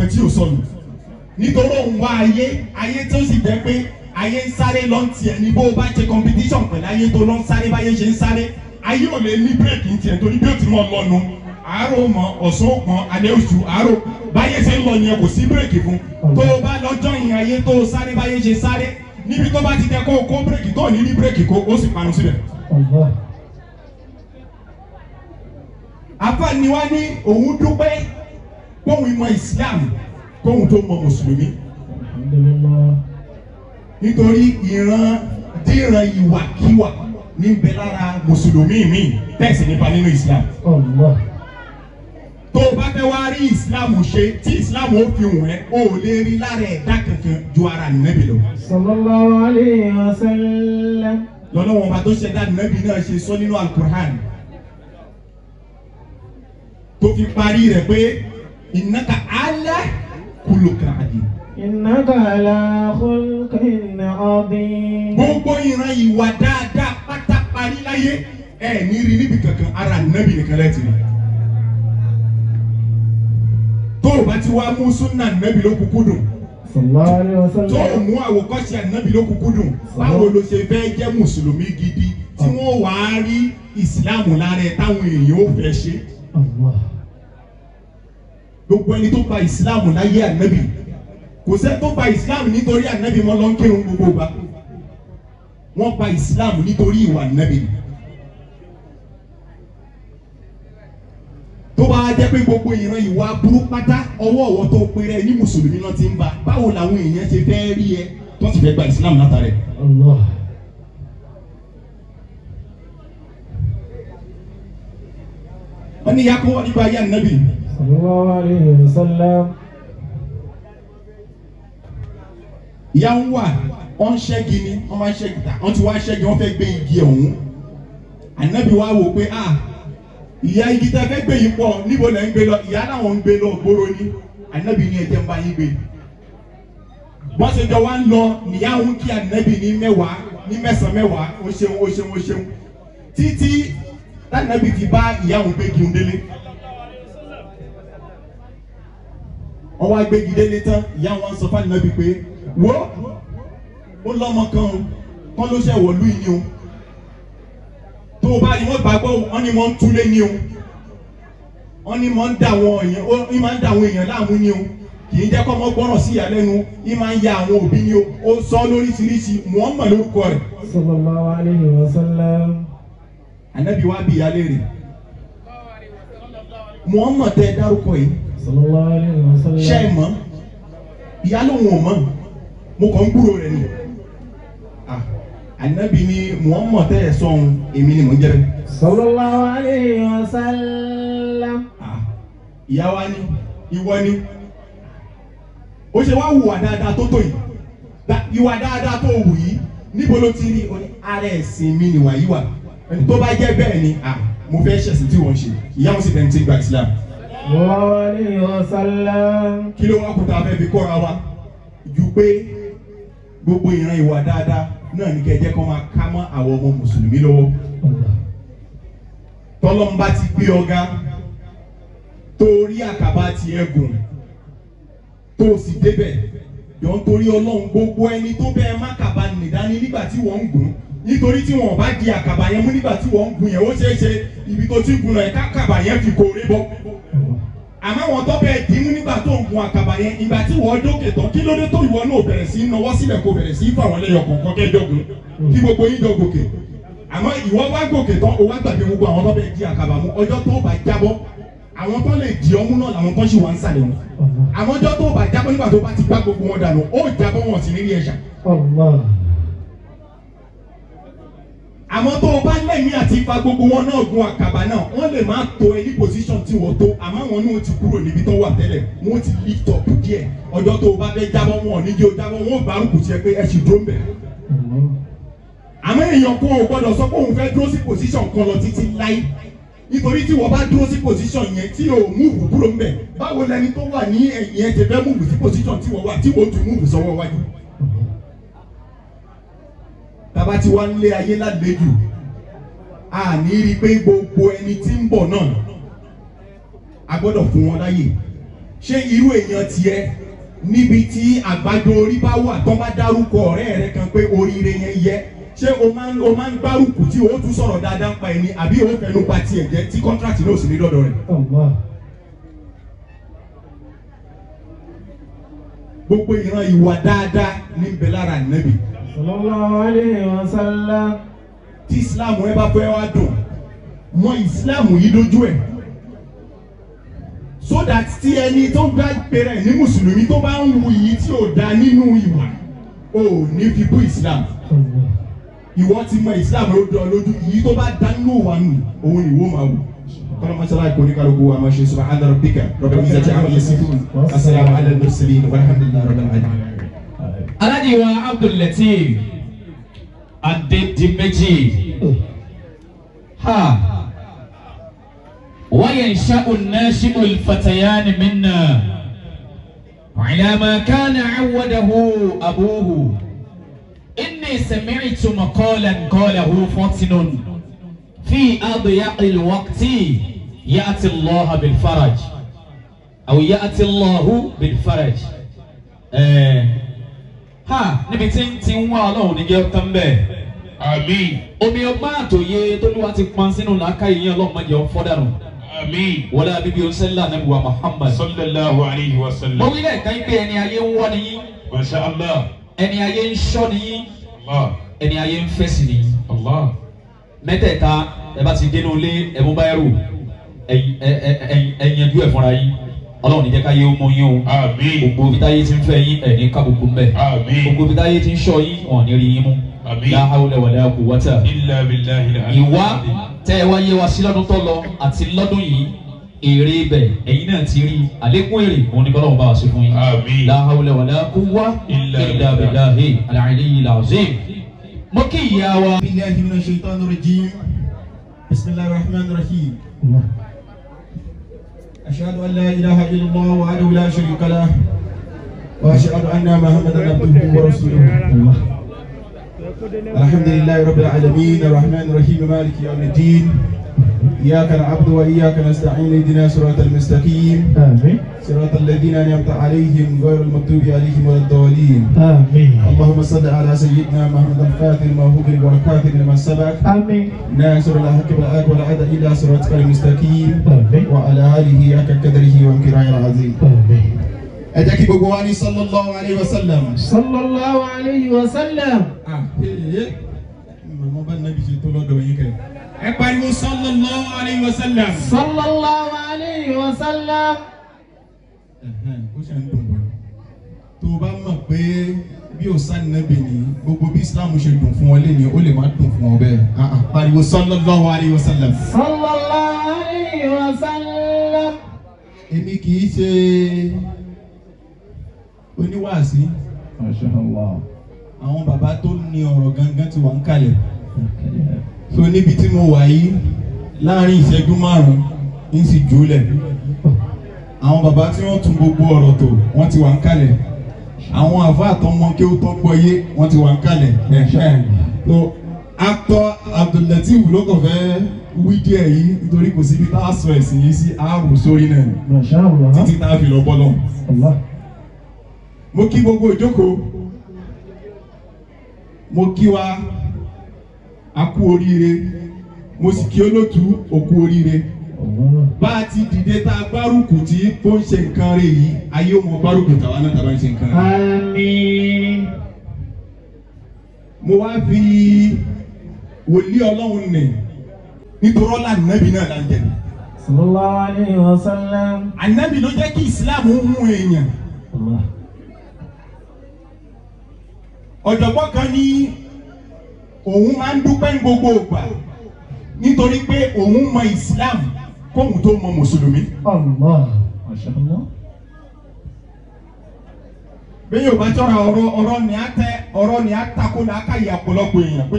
nǹkan tí ò sọnù nítorí òun wá ayé ayé tó sì jẹ́ pé ayé ń sáré lọ tiẹ̀ ní bó o bá ṣe competition pẹ̀lú ayé tó lọ ń sáré báyé ṣe ń sáré ayé ò lè ní bírèkì ní tiẹ̀ torí bí ó ti mọ̀ lọ́nu àárò mọ ọ̀sán kan alẹ́ oṣù àárò báyé ṣe ń lọ yẹn kò sí bírèkì fún tó o bá lọ́jọ́ yìí ayé tó o sáré báyé ṣe sáré níbi tó bá ti tẹ kó o kó bírèkì tó o ní ní bírèkì kó o sì parun síbẹ̀. afa ni wá ní òun dúpẹ́ kóhun ìmọ̀ Islam kóhun tó mọ mùsùlùmí nítorí ìran díran ìwàkiwà níbẹ̀ lára mùsùlùmí mi tẹ̀sí nípa nínú Islam tó o bá fẹ́ wá rí Islam ṣe tí Islam ó fi hùn ẹ́ o ò lè rí lára ẹ̀dá kankan ju ara nìyẹn lọ. sallallahu alayhi wa sallam. lọ́nà wọn bá tó ṣẹ̀dá nìyẹn náà ṣe sọ nínú alukur'an tó fi parí rẹ̀ pé innaka ala kuluka adi. innaka ala kulkin adhim. gbogbo ìran ìwà dáadáa pátá parí láyé ẹ ní rí níbi kankan ara nàbì nìkan láti rí. tó o bá ti wá mú súnà nàbì ló kúkú dùn tó o mú àwòkọ́ṣe ànábì ló kúkú dùn báwo ló ṣe fẹ́ jẹ́ mùsùlùmí gidi tí wọ́n wàá rí ìsìláàmù lára ẹ̀ táwọn èèyàn ò fẹ́ ṣe gbogbo ẹni tó gba ìsìláàmù láyé ànábì kò sẹ́ tó gba ìsìláàmù nítorí ànábì mọ́ lọ́nkírun gbogbo gbà wọ́n gba ìsìláàmù nítorí ìwà ànábì tó bá jẹ́ pé gbogbo ìran ìwà burú pátá ọwọ́ ọ̀wọ́ tó péré ní mùsùlùmí náà ti ń bá báwo làwọn èèyàn ṣe fẹ́ rí ẹ tó sì fẹ́ gba ìsìláàmù látàrẹ. Allah. wọ́n ní yakọ́ nípa ayé ànábì. صلى الله عليه وسلم. ìyá ń wà wọ́n ṣẹ́gi ni wọ́n máa ń ṣẹ́gi ta wọ́n ti wá ṣẹ́gi wọ́n fẹ́ igi ọ̀hún ànábì wá wò pé ah ìyá igi tẹ́ fẹ́ gbé yìí pọ̀ níbo lẹ́ ń gbé lọ ìyá làwọn ń gbé lọ gbòòrò ni ànábì ní ẹ̀jẹ̀ ń bá yín gbé wọ́n ṣe jọ wá ń lọ nìyá ń kí ànábì ní mẹ́wàá ní mẹ́sàn-án mẹ́wàá ó ṣeun ó ṣeun ó ṣeun títí tànábì ti bá ìyá òun gbé kí n délé. ọwọ́ agbégidélé tán ìyá wọn sọ fún ànábì pé wo ó lọ́mọ kan o kán ló ṣe wọ̀lú yìí o tó o bá rí wọn gbàgbọ́ wọn ni wọ́n ń túlé ni o wọ́n ní máa ń dà wọn èèyàn ó ní máa ń dà àwọn èèyàn láàmú ni o kì í jẹ́ kọ́ ọmọ gbọ́ràn sí ìyàlẹ́nu ní máa ń ya àwọn òbí ni o ó sọ lóríṣiríṣi Muhammad lórúkọ rẹ̀. sallallahu alaihi wasallam. ànábì wa bí ìyálé tẹ dárúkọ yìí ṣe é mọ́ ìyá ló wọ̀n mo kàn ń gbúrò rẹ̀ ni ànábì ni Muhammad tẹ́ ẹ sọ̀hún èmi ni mò ń jẹ́ bẹ́ẹ̀. sallallahu alayhi wa ìyá wa ni ìwọ ni ó ṣe wá hùwà dáadáa tó tó yìí ìwà dáadáa tó wù yìí níbo ló ti rí oní ara ẹ̀sìn mi nìwà yìí wà tó bá jẹ́ bẹ́ẹ̀ ni mo fẹ́ ṣẹ̀sìn tí wọ́n ṣe ìyá wọn sì fẹ́ ní tí gba Islam wọ́n ní ọ̀sálà. kí ló wá kúta fẹ́ fi kọ́ra wa ju pé gbogbo ìran ìwà dáadáa náà ní kẹjẹ kọ́ máa ká mọ́ àwọn ọmọ mùsùlùmí lọ́wọ́ tọ́lọ́mbà ti gbé ọ̀gá torí àkàbà tiẹ̀ gùn tó o sì débẹ̀ yọ̀ ń torí ọlọ́run gbogbo ẹni tó bẹ́ẹ̀ má kàbá nìdání nígbà tí wọ́n ń gùn nítorí tí wọ́n bá di àkàbà yẹn mú nígbà tí wọ́n ń gùn yẹn ó ṣeé ṣe ibi tó ti gùn náà ẹ̀ ká kàbà yẹn fi kórè bọ́ àmọ́ àwọn tó bẹ́ẹ̀ dì í mú nígbà tó ń gun àkàbà yẹn ìgbà tí wọ́n jókè tán kí ló dé tó ìwọ náà bẹ̀rẹ̀ sí náwó sílẹ̀ kó bẹ̀rẹ̀ sí fún àwọn ẹlẹ́yọ̀ kọ̀ọ̀kan kẹ́ jọ̀gùn kí gbogbo yín jọ gòkè àmọ́ ìwọ wá gòkè tán o wá gbàgbé gbogbo àwọn tó bẹ́ẹ̀ di àkàbà mú ọjọ́ tó bá jábọ́ àwọn tó lè di ọmú náà làwọn kan sì wà ń sàlẹ̀ wọn àmọ́ ọjọ́ tó bá jábọ́ nígbà tó bá ti gbá gbogbo wọn dànù ó jábọ́ wọn sì nílé ẹ̀ṣà àmọ́ tó o bá lẹ́mìí àti ipa gbogbo wọn náà gun àkàbà náà wọ́n lè má tó ẹni position tí wọ́n tó àmọ́ àwọn náà ti kúrò níbi tó wà tẹ́lẹ̀ wọ́n ti lift up díẹ̀ ọjọ́ tó o bá fẹ́ jábọ́ wọn ò ní jẹ́ o jábọ́ wọn ò bá rúkú sí ẹ pé ẹ sì dúró ń bẹ̀. àmọ́ èèyàn kan ò gbọ́dọ̀ sọ pé òun fẹ́ dúró sí position kan lọ títí láí nítorí tí wọ́n bá dúró sí position yẹn tí o múùbù kúrò ń bẹ̀ báwo lẹni tó wà ní ẹ̀yìn ẹ̀ tàbá ti wá nílé ayé lálejò a ní rí i pé gbogbo ẹni tí ń bọ̀ náà a gbọ́dọ̀ fún wọn láyè ṣé irú èèyàn tiẹ̀ níbi tí àgbájọ orí bá wà tó bá dárúkọ ọ̀rẹ́ rẹ kan pé oríire yẹn yẹ ṣé o máa ń o máa ń gbárùkù tí o tún sọ̀rọ̀ dáadáa ń pa ẹni àbí o fẹnu pa tiẹ̀ jẹ́ tí kọ́ńtrátì náà sì ní dọ́dọ̀ rẹ̀. gbogbo ìran ìwà dáadáa ní ń lára Ànábì sallallahu alayhi wa sallam. tí ìsìláàmù ẹ bá fẹ́ wá dùn mọ ìsìláàmù yìí lójú ẹ̀ so that tí ẹni tó bá pèrè ní mùsùlùmí tó bá ń wu yìí tí ò da nínú ìwà ò ní fi bú Islam. ìwọ ti mọ ìsìláàmù ló dán lójú yìí tó bá da nínú ìwà nù òun ìwọ máa wù kọ́nà mọ́sálá kò ní kálukú wa máa ṣe subahana rabbika rabbil izzati amma yasifun assalamu ala al-mursalin walhamdulillahi Alhaji wa Abdul Latif Adedimeji ha وينشأ الناشئ الفتيان منا على ما كان عوده أبوه إني سمعت مقالا قاله فطن في أضيق الوقت يأتي الله بالفرج أو يأتي الله بالفرج آه níbi tí ń ti ń wá ọlọ́run ní jẹ́ tán bẹ́ẹ̀. àmín. omi ọgbọ́n àtòyé tóluwa ti pọn sínú làákà yìí ọlọ́run má jẹ́ fọ́ dànù. àmín. wọlé abibi osela anabiwa muhammad. sallallahu alayhi wa sallam. mo wí lẹ́ẹ̀kan pé ẹni ayé ń wọ́ nìyí. masha allah. ẹni ayé ń ṣọ́ nìyí. allah. ẹni ayé ń fẹ́ sí nìyí. allah. mẹ́tẹ̀ẹ̀ta ẹ bá ti dénú lé ẹ̀mú báyẹ̀rù ẹ̀yìn ẹ̀yìn ẹ̀yìn ẹ̀yìn ẹ̀yìn ọlọ́run ní jẹ́ ká yé ó mú yín o gbogbo ibi táyé ti ń fẹ́ yín ẹ̀ ká gbogbo mbẹ́ gbogbo ibi táyé ti ń ṣọ́ yín wọn ní rí yín mú la hawla wala quwwata ìwá tẹ́ ẹ wá yé wa sí lọ́dún tó lọ àti lọ́dún yìí èrè ibẹ̀ ẹ̀yin náà ti rí àlékún èrè òun ni kọ́lọ́run bá wa ṣe fún yín la hawla wala quwwa illa billahi al-aliyyil azim mo kí ìyá wa. billahi minash shaitanir rajim bismillahir rahmanir rahim. أشهد أن لا إله إلا الله وحده لا شريك له وأشهد أن محمدا عبده ورسوله الله الحمد لله رب العالمين الرحمن الرحيم مالك يوم الدين إياك نعبد وإياك نستعين اهدنا صراط المستقيم آمين صراط الذين أنعمت عليهم غير المغضوب عليهم ولا الضالين آمين اللهم صل على سيدنا محمد الفاتح الموهوب البركات لما سبق آمين ناصر الحق بالحق ولا عدا إلا صراطك المستقيم آمين وعلى آله حق قدره وانكرامه العظيم آمين أتاك بقواني صلى الله عليه وسلم صلى الله عليه وسلم آمين آه. ما بان النبي جيتوا له ẹ pariwo sallallahu alayhi wa sallam. sallallahu alayhi wa sallam. ó ṣe ń dùn bọ̀ tó o bá mọ̀ pé bí o sá nàbì ní gbogbo bí islam ṣe dùn fún ọ lẹ́ni ó lè má dùn fún ọ bẹ́ẹ̀ ah, ah, pariwo sallallahu alayhi wa sallam. sallallahu alayhi wa sallam. èmi kì í ṣe oníwàásí. àwọn bàbá tó ní ọ̀rọ̀ gangan ti wà ń kalẹ̀ so níbi tí mo wà yìí láàrin ìṣẹ́jú márùn-ún ń sì jólẹ̀ àwọn bàbá tí wọ́n tún gbogbo ọ̀rọ̀ tó wọ́n ti wà ń kalẹ̀ àwọn àfa àtọmọ kí ó tọ́ gbọ́ yé wọ́n ti wà ń kalẹ̀ so actor abdulatif lateef ló kàn fẹ́ wí díẹ̀ yìí nítorí kò síbi tá a sọ ẹ̀sìn yìí sí ààrùn sórí náà títí tá a fi lọ bọ́lọ̀ mo kí gbogbo ìjókòó mo kí wa a kú oríire mo sì kí olótú òkú oríire bá a ti dìde tá gbárùkù tí ó ń ṣe nǹkan rẹ̀ yìí ayé ọmọ gbárùkù tàwa náà tàbá ń ṣe nǹkan rẹ̀. mo wá fi wòlíì ọlọ́run nì nítorí ọlá nàbì náà là ń jẹ. sallallahu alaihi wasallam. ànábì ló jẹ́ kí ìsìláàmù mú èèyàn. ọ̀jọ̀gbọ́n kan ní òun máa ń dúpẹ́ ní gbogbo ìgbà nítorí pé òun mọ Islam kóhun tó mọ mùsùlùmí. Allah Masha Allah bẹ́ẹ̀ yóò ni a tẹ ọ̀rọ̀ ni a takò ní a ka yà ọ̀pọ̀lọpọ̀ èèyàn pé.